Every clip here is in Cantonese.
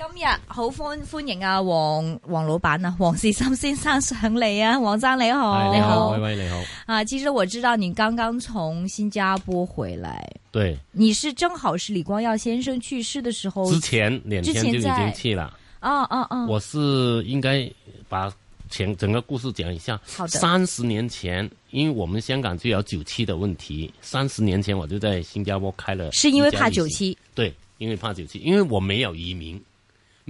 今日好歡迎歡迎啊，黃黃老闆啊，黃士心先生上嚟啊，黃生你好，你好，喂喂你好，啊，其實我知道你剛剛從新加坡回來，對，你是正好是李光耀先生去世的時候，之前兩年之前就已經去了，哦哦哦，我是應該把前整個故事講一下，好的，三十年前，因為我們香港就有九七的問題，三十年前我就在新加坡開了坡，是因為怕九七，對，因為怕九七，因為我沒有移民。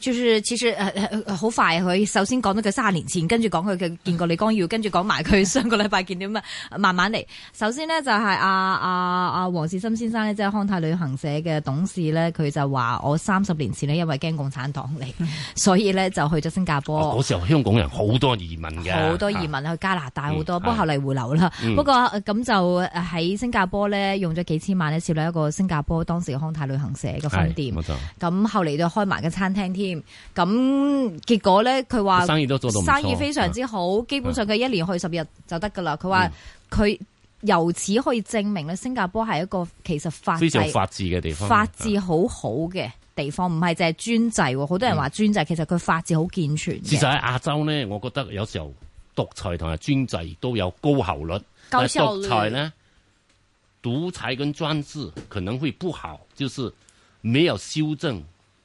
其實其實好、呃、快佢首先講到佢三十年前，跟住講佢嘅見過李光耀，跟住講埋佢上個禮拜見啲咩，慢慢嚟。首先呢就係、是、阿啊啊黃士心先生呢，即係康泰旅行社嘅董事呢，佢就話我三十年前呢，因為驚共產黨嚟，所以呢就去咗新加坡。嗰、哦、時候香港人好多移民嘅，好多移民去加拿大好多、嗯，不過後嚟回流啦、嗯。不過咁就喺新加坡呢，用咗幾千萬呢，設立一個新加坡當時嘅康泰旅行社嘅分店。咁後嚟都開埋嘅餐廳添。咁、嗯、結果咧，佢話生意都做到，生意非常之好。啊、基本上佢一年去十日就得噶啦。佢話佢由此可以證明咧，新加坡係一個其實法非常法治嘅地方，法治很好好嘅地方，唔係淨係專制。好多人話專制、嗯，其實佢法治好健全。其實喺亞洲呢，我覺得有時候獨裁同埋專制都有高效率，效率但獨裁呢，獨裁跟專制可能會不好，就是沒有修正。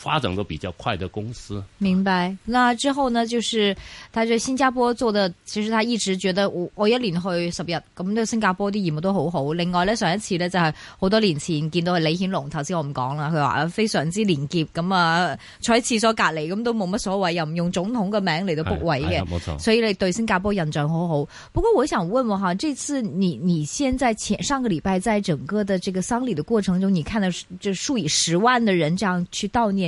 發展都比較快的公司，明白。那之後呢，就是佢喺新加坡做的，其實他一直覺得我一連去十日咁，對新加坡啲業務都好好。另外呢，上一次呢，就係、是、好多年前見到李顯龍，頭先我唔講啦，佢話非常之廉潔咁啊，坐喺廁所隔離咁都冇乜所謂，又唔用總統嘅名嚟到 book 位嘅，所以你對新加坡印象好好。不過我想問問嚇，這次你你現在前上個禮拜，在整個的這個喪禮的過程中，你看到就數以十萬的人這樣去悼念。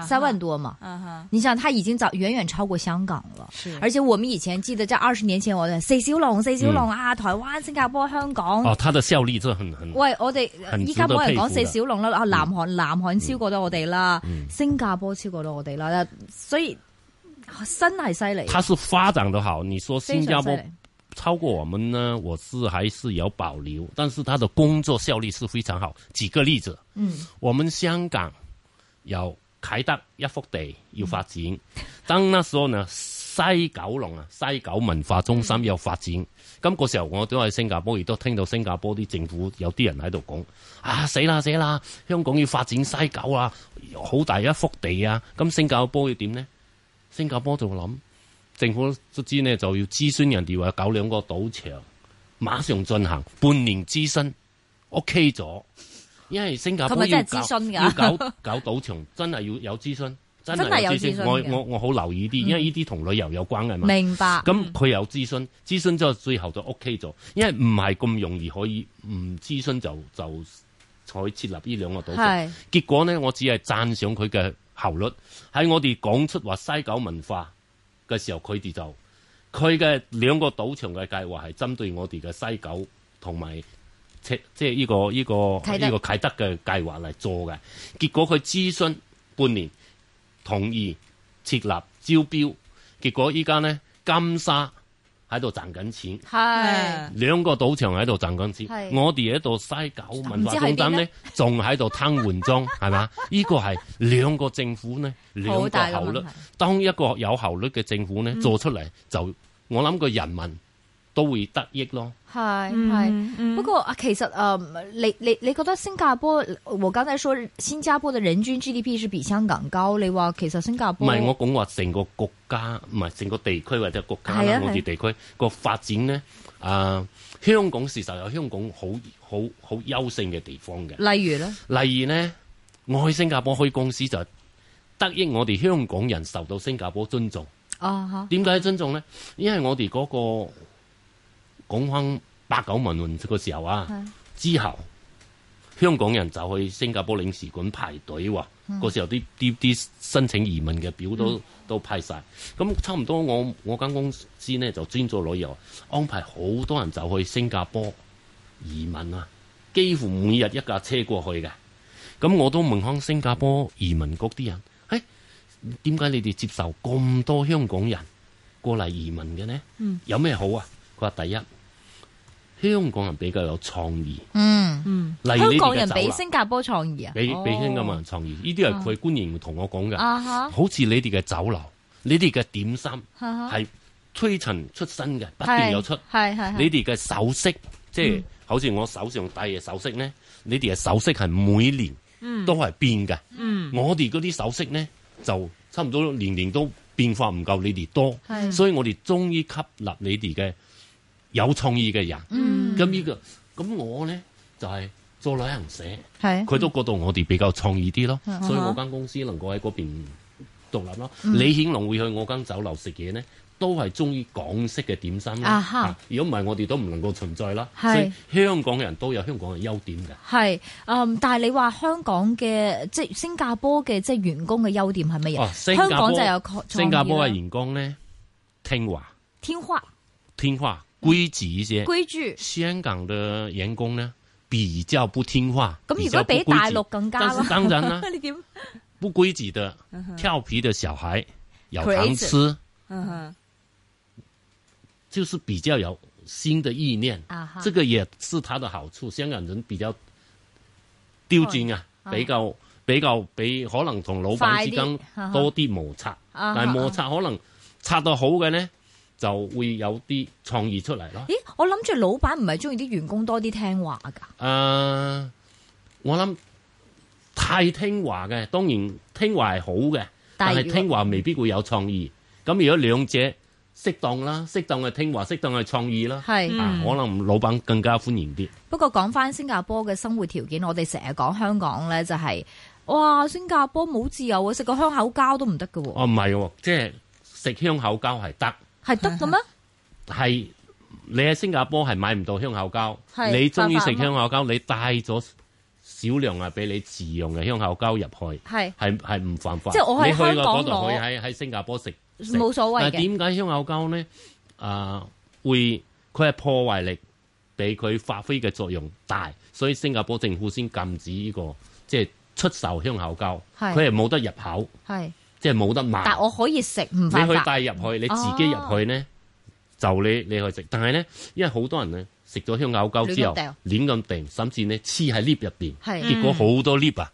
三萬多嘛、啊，你想他已經早遠遠超過香港了，而且我們以前記得在二十年前，我哋四小龍、四小龍、嗯、啊，台灣、新加坡、香港。哦，他的效率是很很。喂，我哋依家冇人講四小龍啦，啊，南韓、嗯、南韓超過咗我哋啦、嗯，新加坡超過咗我哋啦，所以、啊、真係犀利。他是發展得好，你說新加坡超過我們呢？我是還是有保留，但是他的工作效率是非常好。舉個例子，嗯，我們香港有。啟德一幅地要發展，登等所呢西九龍啊西九文化中心要發展，咁個時候我都喺新加坡，亦都聽到新加坡啲政府有啲人喺度講啊死啦死啦，香港要發展西九啊，好大一幅地啊，咁新加坡要點呢？新加坡就諗政府卒之呢就要諮詢人哋話搞兩個賭場，馬上進行半年諮詢，OK 咗。OK 因為新加坡要搞 要搞賭場，真係要有諮詢，真係有，有諮詢。我我我好留意啲、嗯，因為呢啲同旅遊有關嘅嘛。明白。咁佢有諮詢，諮詢之後最後就 OK 咗。因為唔係咁容易可以唔諮詢就就再設立呢兩個賭場。結果呢，我只係讚賞佢嘅效率。喺我哋講出話西九文化嘅時候，佢哋就佢嘅兩個賭場嘅計劃係針對我哋嘅西九同埋。即即係呢個呢個呢個啟德嘅計劃嚟做嘅，結果佢諮詢半年同意設立招標，結果依家呢金沙喺度賺緊錢，兩個賭場喺度賺緊錢，我哋喺度西九文化點解呢仲喺度癱瘓中係嘛？呢、呢個係兩個政府呢 兩個效率，當一個有效率嘅政府呢做出嚟、嗯，就我諗個人民。.都會得益咯，係係、嗯。不過啊，其實誒、嗯，你你你覺得新加坡？我剛才說新加坡嘅人均 GDP 是比香港高。你話其實新加坡唔係我講話成個國家，唔係成個地區或者國家，內、啊、我哋地區個發展呢。啊、呃，香港事實有香港好好好優勝嘅地方嘅，例如咧，例如咧，我去新加坡開公司就得益，我哋香港人受到新加坡尊重哦。點、uh、解 -huh. 尊重呢？Uh -huh. 因為我哋嗰、那個。講翻八九民運嘅時候啊，之後香港人就去新加坡領事館排隊、啊，嗰時候啲啲啲申請移民嘅表都、嗯、都派晒，咁差唔多我我間公司呢就專做旅遊，安排好多人就去新加坡移民啊，幾乎每日一架車過去嘅，咁我都問翻新加坡移民局啲人，誒、欸，點解你哋接受咁多香港人過嚟移民嘅呢？嗯、有咩好啊？佢話第一。香港人比較有創意，嗯嗯例如你哋嘅，香港人比新加坡創意啊，比比新加坡人創意，呢啲係佢官員同我講嘅、啊，好似你哋嘅酒樓，你哋嘅點心係、啊、推陳出新嘅，不斷有出，係係你哋嘅首飾，即、就、係、是、好似我手上戴嘅首飾咧、嗯，你哋嘅首飾係每年都係變嘅、嗯，嗯，我哋嗰啲首飾咧就差唔多年年都變化唔夠你哋多，所以我哋終於吸納你哋嘅。有創意嘅人，咁、嗯呢個、呢個咁我咧就係、是、做旅行社，佢都覺得我哋比較創意啲咯、嗯，所以我間公司能夠喺嗰邊獨立咯、嗯。李顯龍會去我間酒樓食嘢咧，都係中意港式嘅點心咯。如果唔係，啊、我哋都唔能夠存在啦。所以香港人都有香港嘅優點嘅。係，嗯，但係你話香港嘅即新加坡嘅即係員工嘅優點係乜嘢？香港就有創新加坡嘅員工咧，聽話，天花。聽話。規矩一些規矩，香港的員工呢比較不聽話，咁如果比較不規矩比大陸更加，但是當然啦， 不規矩的、調 皮的小孩有糖 常吃， 就是比較有新的意念，uh -huh. 這個也是他的好處。香港人比較刁精啊、oh. 比 uh -huh. 比，比較比較比可能同老闆之間多啲摩擦，uh -huh. 但摩擦可能擦到好嘅呢。就會有啲創意出嚟咯。咦，我諗住老闆唔係中意啲員工多啲聽話㗎。誒、呃，我諗太聽話嘅，當然聽話係好嘅，但係聽話未必會有創意。咁如果兩者適當啦，適當嘅聽話，適當嘅創意啦，係可能老闆更加歡迎啲、嗯。不過講返新加坡嘅生活條件，我哋成日講香港咧、就是，就係哇，新加坡冇自由啊，食個香口膠都唔得嘅喎。哦，唔係喎，即係食香口膠係得。係得嘅咩？係你喺新加坡係買唔到香口膠，你中意食香口膠，你帶咗少量啊俾你自用嘅香口膠入去，係係係唔犯法。即係我喺度，港我喺，喺新加坡食冇所謂。但係點解香口膠咧？啊、呃，會佢係破壞力比佢發揮嘅作用大，所以新加坡政府先禁止呢、這個即係出售香口膠，佢係冇得入口。即係冇得買，但我可以食。唔，你去以帶入去，你自己入去咧，哦、就你你去食。但係咧，因為好多人咧食咗香口膠之後，亂咁掟，甚至咧黐喺 lift 入邊，面是結果好多 lift 啊，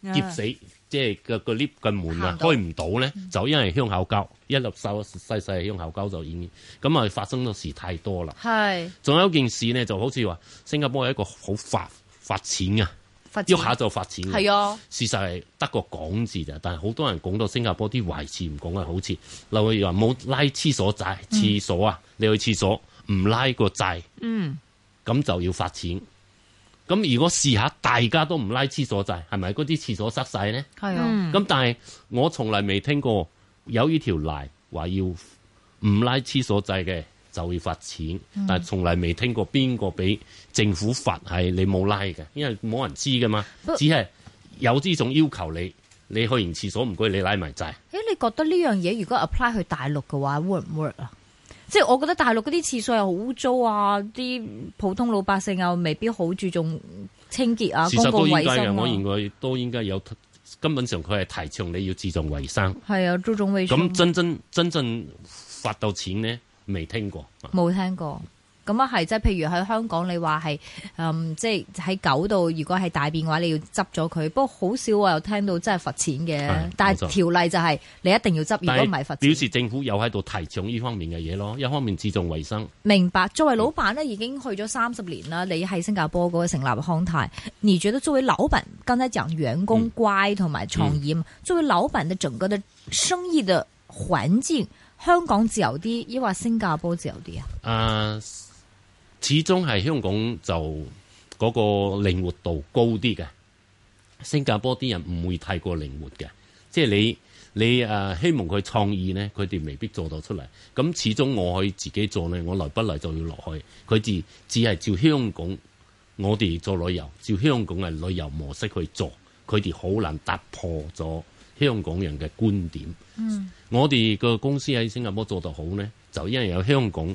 嗯、劫死即係、就是、個個 lift 嘅門啊開唔到咧，就因為香口膠、嗯、一粒細細嘅香口膠就已經咁啊發生咗事太多啦。係是，仲有一件事咧，就好似話新加坡係一個好罰罰錢㗎。喐下就罰錢，係啊、哦！事實係得個講字咋，但係好多人講到新加坡啲壞事唔講啊，好似，例如話冇拉廁所債、嗯，廁所啊，你去廁所唔拉個債，嗯，咁就要罰錢。咁如果試下大家都唔拉廁所債，係咪嗰啲廁所塞晒咧？係啊、哦，咁、嗯、但係我從嚟未聽過有呢條例話要唔拉廁所債嘅。就會罰錢，但係從來未聽過邊個俾政府罰係你冇拉嘅，因為冇人知噶嘛。But、只係有呢種要求你，你去完廁所唔該，你拉埋債。誒、欸，你覺得呢樣嘢如果 apply 去大陸嘅話，work 唔 work 啊？即係我覺得大陸嗰啲廁所又好污糟啊，啲普通老百姓又、啊、未必好注重清潔啊，其實都應該公共衞生啊。我認為都應該有根本上，佢係提倡你要注重衞生，係啊，注重衞生。咁真真真正罰到錢呢？未聽過，冇聽過，咁啊係即係，譬如喺香港，你話係，嗯，即係喺狗度，如果係大便嘅話，你要執咗佢。不過好少我有聽到真係罰錢嘅，但係條例就係、是、你一定要執，如果唔係罰錢。表示政府有喺度提倡呢方面嘅嘢咯，一方面注重衞生。明白，作為老闆呢，已經去咗三十年啦。你喺新加坡嗰個成立康泰，你覺得作為老闆，剛才講員工乖和業，同埋創業，作為老闆的整個的生意嘅環境，香港自由啲，抑或新加坡自由啲啊？啊，始終係香港就嗰個靈活度高啲嘅，新加坡啲人唔會太過靈活嘅，即係你你誒、啊、希望佢創意呢，佢哋未必做到出嚟。咁始終我可以自己做呢，我來不來就要落去。佢哋只係照香港，我哋做旅遊，照香港嘅旅遊模式去做，佢哋好難突破咗。香港人嘅觀點，嗯、我哋個公司喺新加坡做得好呢，就因為有香港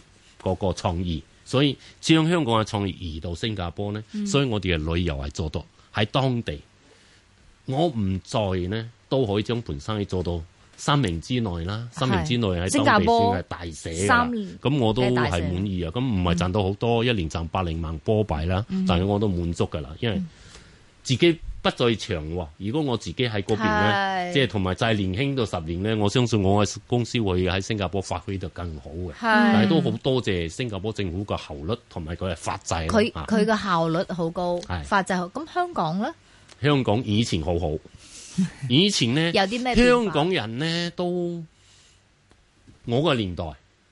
嗰個創意，所以將香港嘅創意移到新加坡呢，嗯、所以我哋嘅旅遊係做到喺當地。我唔在呢，都可以將盤生意做到三名之內啦，三名之內喺新加坡係大寫嘅，咁我都係滿意啊！咁唔係賺到好多，嗯，一年賺百零萬波幣啦，但、嗯、係、就是、我都滿足㗎啦、嗯，因為自己。不在長喎、啊，如果我自己喺嗰邊呢，即係同埋再年輕到十年呢，我相信我嘅公司會喺新加坡發揮得更好嘅。但係都好多謝新加坡政府個效率同埋佢嘅法制。佢佢嘅效率好高，法、嗯、制好。咁香港呢？香港以前好好，以前呢？ 有啲咩？香港人呢都我個年代。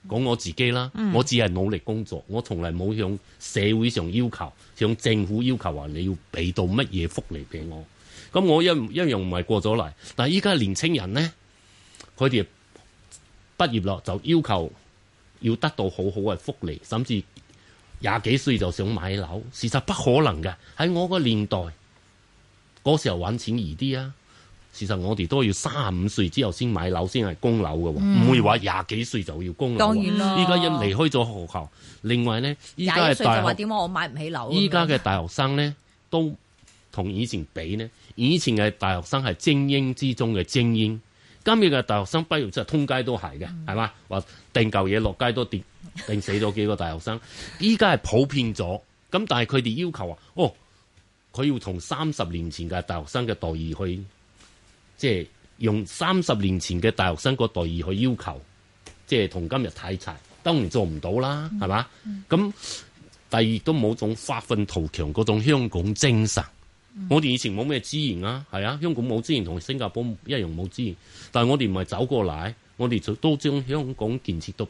講我自己啦，嗯、我只係努力工作，我從來冇向社會上要求，向政府要求話，你要俾到乜嘢福利俾我。咁我一一樣唔係過咗嚟。但係依家年輕人呢，佢哋畢業咯，就要求要得到好好嘅福利，甚至廿幾歲就想買樓，事實不可能嘅。喺我個年代，嗰時候揾錢易啲啊。其實我哋都要三十五歲之後先買樓，先係供樓嘅，唔、嗯、會話廿幾歲就要供樓的。當然啦，依家一離開咗學校，另外咧，廿幾歲就話點解我買唔起樓？依家嘅大學生咧，都同以前比呢。以前嘅大學生係精英之中嘅精英，今日嘅大學生畢業之後通街都係嘅，係、嗯、嘛？話訂嚿嘢落街都跌， 定死咗幾個大學生。依家係普遍咗，咁但係佢哋要求話，哦，佢要從三十年前嘅大學生嘅待遇去。即係用三十年前嘅大學生嗰待遇去要求，即係同今日睇齊，當然做唔到啦，係、嗯、嘛？咁第二都冇種發奮圖強嗰種香港精神。嗯、我哋以前冇咩資源啊，係啊，香港冇資源同新加坡一樣冇資源，但係我哋唔係走過嚟，我哋就都將香港建設到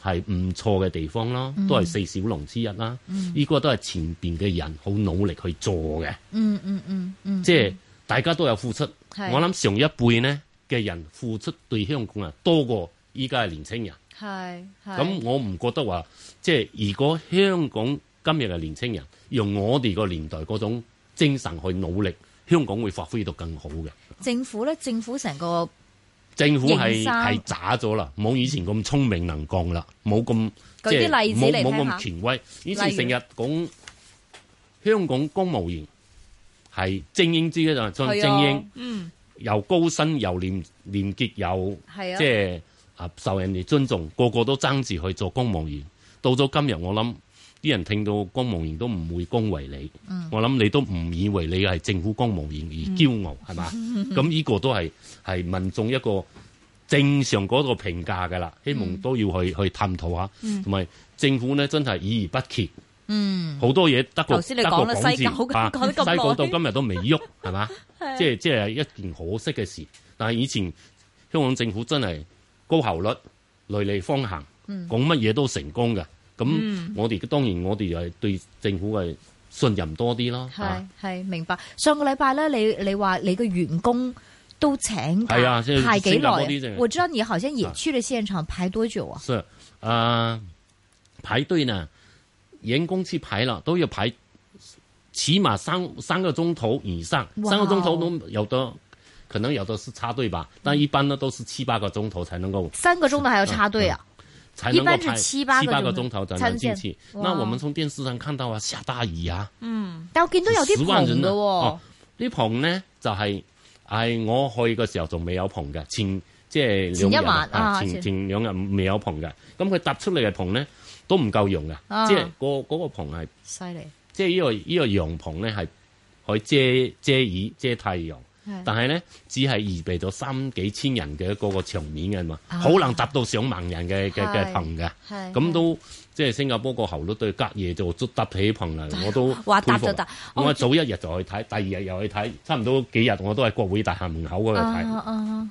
係唔錯嘅地方啦，都係四小龍之一啦。呢、嗯嗯、個都係前邊嘅人好努力去做嘅。嗯嗯嗯、嗯即係大家都有付出。我諗上一輩呢嘅人付出對香港人多過依家嘅年青人。係，咁我唔覺得話，即係，如果香港今日嘅年青人用我哋個年代嗰種精神去努力，香港會發揮到更好嘅。政府咧，政府成個政府係係渣咗啦，冇以前咁聰明能幹啦，冇咁即係冇冇咁權威。以前成日講香港公務員。係精英之一，就係精英，哦、嗯，又高薪，又廉廉潔，又即係啊，受人哋尊重，個個都爭住去做公務員。到咗今日，我諗啲人聽到公務員都唔會恭維你，嗯、我諗你都唔以為你係政府公務員而驕傲，係、嗯、嘛？咁呢 個都係係民眾一個正常嗰個評價噶啦。希望都要去、嗯、去探討下，同、嗯、埋政府呢真係以而不竭。嗯，好多嘢得過得過港戰啊，頭先你講啦，西九到今日都未喐，係 嘛？即係即係一件可惜嘅事。但係以前香港政府真係高效率、雷厲風行，講乜嘢都成功嘅。咁我哋、嗯、當然我哋係對政府係信任多啲咯。係係、啊、明白。上個禮拜咧，你你話你嘅員工都請假，係啊，排幾耐？我知道，你好像也去咗現場，排多久啊？是啊，呃、排隊呢？員工去排了都要排起碼三三個鐘頭以上，wow、三個鐘頭都有的，可能有的是插隊吧，嗯、但一般呢都是七八個鐘頭才能夠。三個鐘頭還要插隊啊,啊、嗯才能夠排才能？一般是七八個鐘頭才能進去。那我們從電視上看到啊，下大雨啊。嗯，十萬人啊、但我見到有啲棚的哦啲棚、啊、呢就係、是，係、哎、我去嘅時候仲未有棚嘅，前即係前一晚啊，前前兩日未有棚嘅，咁佢搭出嚟嘅棚呢？都唔夠用嘅、啊，即係嗰、嗰個嗰個棚係犀利，即係呢、呢個依個陽、呢個、棚咧係可以遮遮雨遮太陽，但係咧只係預備咗三幾千人嘅嗰個場面嘅嘛，好、啊、難達到上萬人嘅嘅嘅棚嘅，咁都即係新加坡個喉都對隔夜就都搭起棚嚟，我都話搭就搭，我早一日就去睇、哦，第二日又去睇，差唔多幾日我都喺國會大廈門口嗰度睇。啊啊啊。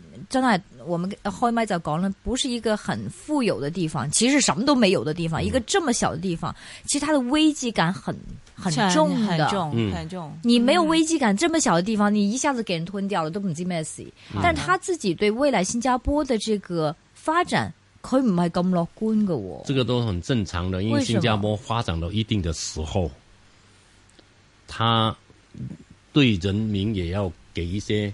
真的，我們後 o w m u c 不是一個很富有的地方，其實什麼都沒有的地方，一個這麼小的地方，其實它的危機感很很重的，很重，嗯，很重。你沒有危機感、嗯，這麼小的地方，你一下子給人吞掉了，都可能被淹死。但他自己對未來新加坡的這個發展，佢唔係咁樂觀嘅。這個都很正常的，因為新加坡發展到一定的時候，他對人民也要給一些。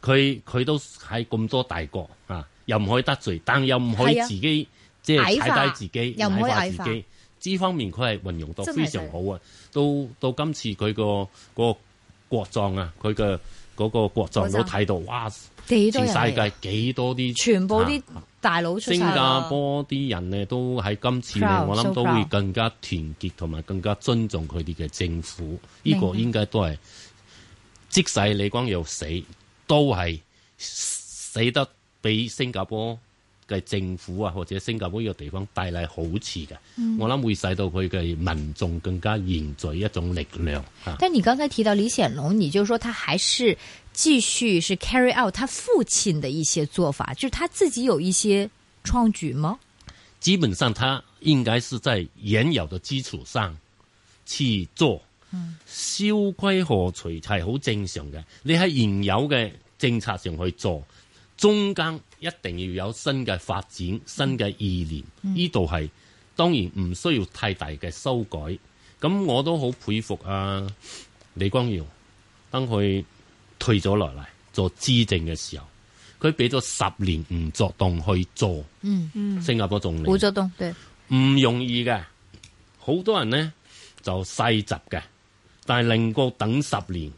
佢佢都喺咁多大國啊，又唔可以得罪，但又唔可以自己、啊、即係踩低自己，唔矮化自己。呢方面佢係運用到非常好啊！到到今次佢個、嗰個國葬啊，佢嘅嗰個國葬都睇到哇，全世界幾多啲全部啲大佬出曬，新加坡啲人咧都喺今次咧，我諗都會更加團結同埋更加尊重佢哋嘅政府。呢、個應該都係，即使李光耀死。都係使得俾新加坡嘅政府啊，或者新加坡呢個地方帶嚟好處嘅、嗯。我諗會使到佢嘅民眾更加凝聚一種力量、啊。但你剛才提到李顯龍，你就說他還是繼續是 carry out 他父親的一些做法，就是、他自己有一些創舉嗎？基本上，他應該是在原有的基礎上去做。蕭規曹隨係好正常嘅，你喺現有嘅政策上去做，中間一定要有新嘅發展，新嘅意念，呢度係當然唔需要太大嘅修改。咁我都好佩服啊，李光耀等佢退咗落嚟做資政嘅時候，佢俾咗十年唔作動去做，嗯嗯，新加坡總理唔作動，對，唔容易嘅，好多人呢，就細集嘅。但係令個等十年，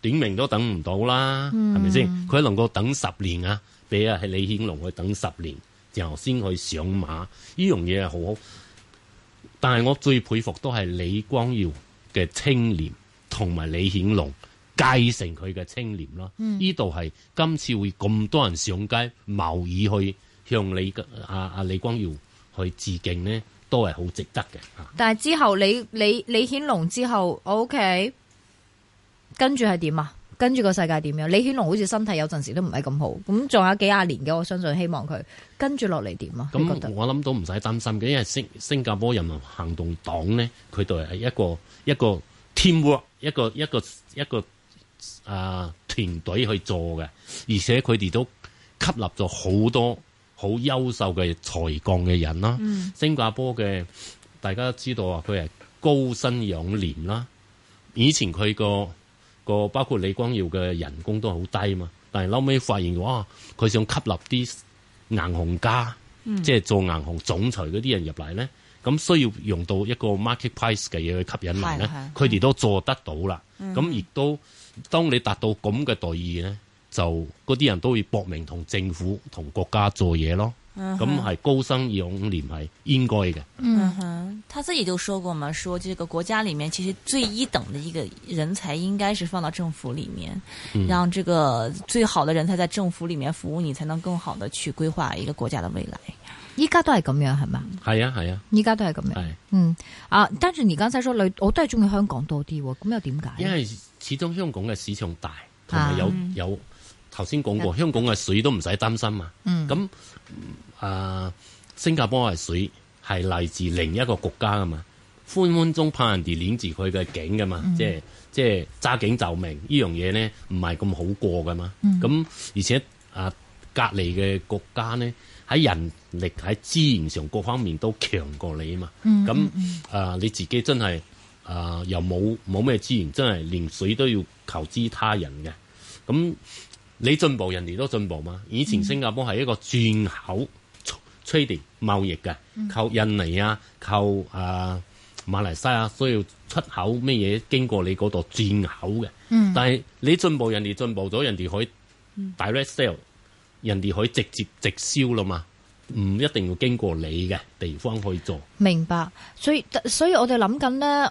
短命都等唔到啦，係咪先？佢能夠等十年啊？畀啊，係李顯龍去等十年，然後先去上馬，呢樣嘢係好。好，但係我最佩服都係李光耀嘅青年，同埋李顯龍繼承佢嘅青年咯。呢度係今次會咁多人上街，冒雨去向李阿阿、啊、李光耀去致敬呢？都係好值得嘅。但係之後李李李顯龍之後，OK，跟住係點啊？跟住個世界點樣？李顯龍好似身體有陣時都唔係咁好，咁仲有幾廿年嘅，我相信希望佢跟住落嚟點啊？咁我諗都唔使擔心嘅，因為星新加坡人民行動黨咧，佢哋係一個一個 teamwork，一個一個一個誒團隊去做嘅，而且佢哋都吸納咗好多。好優秀嘅才幹嘅人啦、嗯，新加坡嘅大家知道啊，佢係高薪養廉啦。以前佢個個包括李光耀嘅人工都係好低嘛，但係後尾發現哇，佢想吸納啲銀行家，嗯、即係做銀行總裁嗰啲人入嚟咧，咁需要用到一個 market price 嘅嘢去吸引嚟咧，佢哋都做得到啦。咁、嗯、亦都，當你達到咁嘅待遇咧，就嗰啲人都會搏命同政府同國家做嘢咯，咁、uh、係 -huh. 高薪養廉係應該嘅。嗯哼，他自己就說過嘛，說這個國家裏面其實最一等的一個人才，應該是放到政府裏面，uh -huh. 讓這個最好的人才在政府裏面服務，你才能更好的去規劃一個國家的未來。依家都係咁樣係嘛？係啊係啊，依家、啊、都係咁樣。嗯啊，但是你剛才說我都係中意香港多啲，咁又點解？因為始終香港嘅市場大，同埋有有。啊有有頭先講過，香港嘅水都唔使擔心嘛。咁、嗯、啊、呃，新加坡嘅水係嚟自另一個國家啊嘛，分分鐘怕人哋攆住佢嘅頸㗎嘛，嗯、即係即係揸頸就命呢樣嘢咧，唔係咁好過㗎嘛。咁、嗯、而且啊、呃，隔籬嘅國家咧，喺人力喺資源上各方面都強過你啊嘛。咁、嗯、啊、呃，你自己真係啊、呃、又冇冇咩資源，真係連水都要求諸他人嘅咁。那你進步，人哋都進步嘛。以前新加坡係一個轉口 trading 貿易嘅，靠印尼啊，靠啊、呃、馬來西亞，需要出口咩嘢經過你嗰度轉口嘅。但係你進步，人哋進步咗，人哋可以 direct sale，人哋可以直接直銷啦嘛。唔一定要經過你嘅地方去做，明白。所以，所以我哋諗緊咧。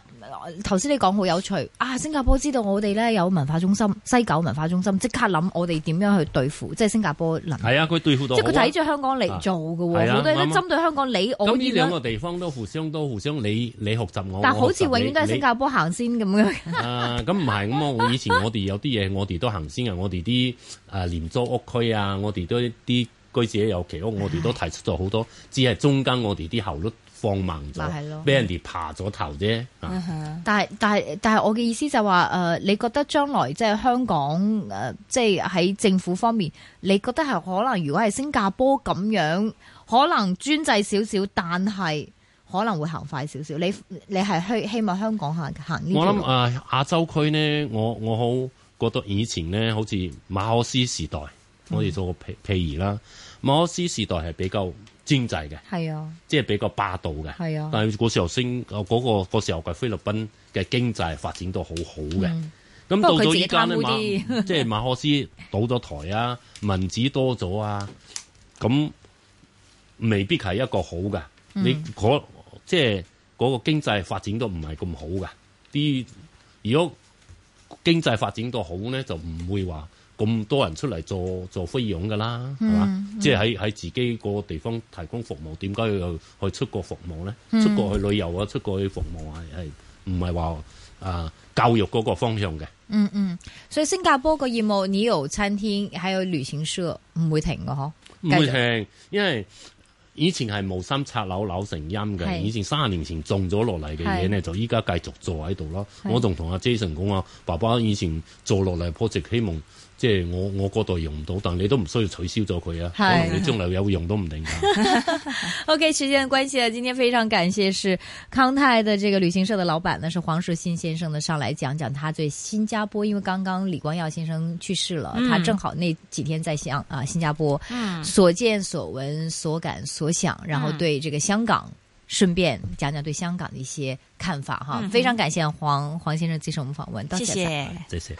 頭先你講好有趣啊！新加坡知道我哋咧有文化中心、西九文化中心，即刻諗我哋點樣去對付，即係新加坡能係啊？佢對付到，即係佢睇住香港嚟做嘅，好多嘢都針對香港你我。咁呢兩個地方都互相都互相你你學習我。但好似永遠都係新加坡行先咁樣。啊，咁唔係咁啊！呃、 以前我哋有啲嘢，我哋都行先我哋啲啊廉租屋區啊，我哋都啲。佢自己有其屋，我哋都提出咗好多，是只係中間我哋啲效率放慢咗，俾、就是、人哋爬咗頭啫。但係但係但係我嘅意思就話，誒、呃，你覺得將來即係香港誒、呃，即係喺政府方面，你覺得係可能如果係新加坡咁樣，可能專制少少，但係可能會行快少少。你你係希希望香港行行這想、呃、呢？我諗誒亞洲區呢，我我好覺得以前呢，好似馬克思時代，嗯、我哋做個譬譬如啦。馬克思時代係比較專制嘅，係啊，即、就、係、是、比較霸道嘅，係啊。但係嗰時候先，個時候嘅、那個、菲律賓嘅經濟發展都很好的，嗯、那到好好嘅。咁到咗而家咧，斯即係馬克思、就是、倒咗台啊，民主多咗啊，咁未必係一個好噶、嗯。你嗰即係嗰個經濟發展都唔係咁好噶。啲如果經濟發展到好咧，就唔會話。咁多人出嚟做做飛揚噶啦，嘛、嗯？即係喺喺自己個地方提供服務，點解要去出國服務咧、嗯？出國去旅遊啊，出國去服務係係唔係話啊教育嗰個方向嘅？嗯嗯，所以新加坡個業務，neo 餐天，係有旅行社唔會停㗎。嗬，唔會停，因為以前係無心插柳柳成音嘅，以前三十年前種咗落嚟嘅嘢呢，就依家繼續做喺度咯。我仲同阿 Jason 講啊，爸爸以前做落嚟 p r 希望。即係我我度用唔到，但你都唔需要取消咗佢啊。可能你將來有用都唔定㗎。 o、okay, K，時間關係啊，今天非常感謝是康泰的這個旅行社的老闆呢，是黃樹新黃士心先生呢，上來講講他對新加坡，因為剛剛李光耀先生去世了，嗯、他正好那幾天在香啊新加坡，嗯、所見所聞所感所想，然後對這個香港順、嗯、便講講對香港的一些看法哈、嗯。非常感謝黃黃先生接受我們訪問，謝謝，謝謝。